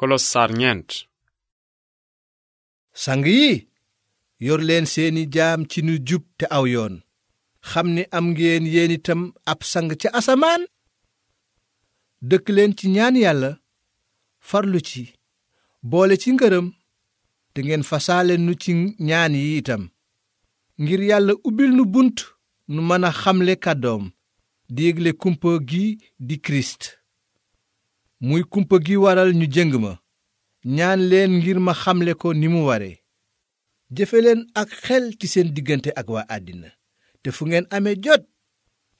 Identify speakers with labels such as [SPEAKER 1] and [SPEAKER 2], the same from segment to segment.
[SPEAKER 1] kolos saar ñeent sang yi yor leen seeni jaam ci nu jub te aw yoon xam ni am ngeen yéen itam ab sang ca asamaan dëkk leen ci ñaan yàlla farlu ci boole ci ngërëm te ngeen fasaale nu ci ñaan yi itam ngir yàlla ubbil nu bunt nu mën a xamle kàddoom di yégle kumpa gi di kirist muy kumpa gi waral ñu jëng ma ñaan leen ngir ma xamle ko ni mu ware jëfe leen ak xel ci seen diggante ak waa àddina te fu ngeen amee jot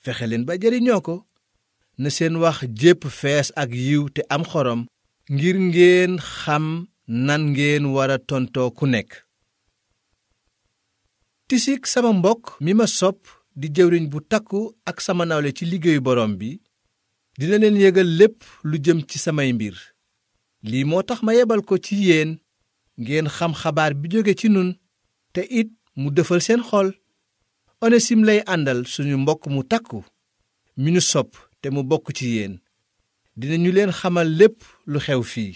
[SPEAKER 1] fexe leen ba jariñoo ko na seen wax jépp fees ak yiw te am xorom ngir ngeen xam nan ngeen wara tontoo ku nekk tisik sama mbokk mi ma sopp di jëwriñ bu takku ak sama nawle ci liggéeyu borom bi dina leen yégal lépp lu jëm ci samay mbir lii moo tax ma yebal ko ci yéen ngeen xam xabaar bi jóge ci nun te it mu dëfal seen xol onesim lay àndal suñu mbokk mu takku mi nu sopp te mu bokk ci yéen dinañu leen xamal lépp lu xew fii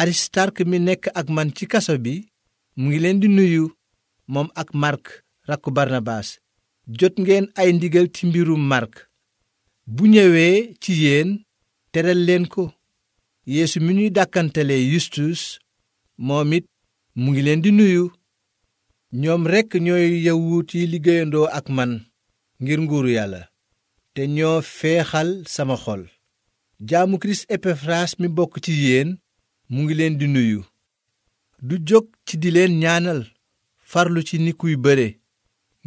[SPEAKER 1] aristark mi nekk ak man ci kaso bi mu ngi leen di nuyu moom ak màrk rakku barnabaas jot ngeen ay ndigal ci mbirum màrk bu ñëwee ci yéen teral leen ko yéesu mi ñuy dàkkantale yustus moom it mu ngi leen di nuyu ñoom rekk ñooy yawut yi liggéeyandoo ak man ngir nguuru yàlla te ñoo feexal sama xol jaamu kirist epafras mi bokk ci yéen mu ngi leen di nuyu du jóg ci di leen ñaanal farlu ci ni kuy bëre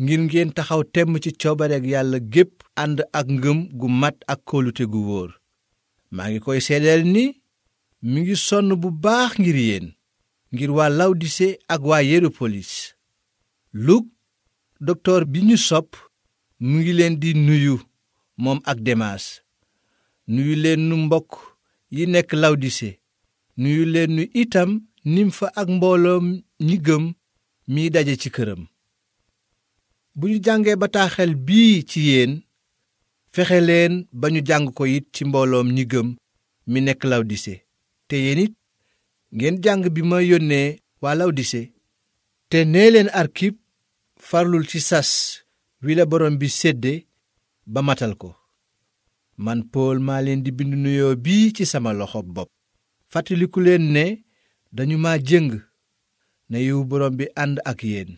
[SPEAKER 1] ngir ngeen taxaw temm ci coobareek yàlla gépp ànd ak ngëm gu mat ak kóolute gu wóor maa ngi koy seedeel ni mu ngi sonn bu baax ngir yéen ngir waa lawdise ak waa yeropolis luk doktoor bi ñu sopp mu ngi leen di nuyu moom ak demaas nuyu leen nu mbokk yi nekk lawdise nuyu leen nu itam nim fa ak mbooloo ñi gëm miy daje ci këram bu ñu jàngee bataaxel bii ci yéen fexe leen ba ñu jàng ko it ci mbooloom ñi gëm mi nekk lawdise te yéen ngeen jàng bi ma yónnee waa lawdise te nee leen arkip farlul ci sas wi la borom bi sédde ba matal ko man pool maa leen di bind nuyoo bii ci sama loxo bopp fàttaliku leen ne dañu ma jëng na yiwu borom bi ànd ak yéen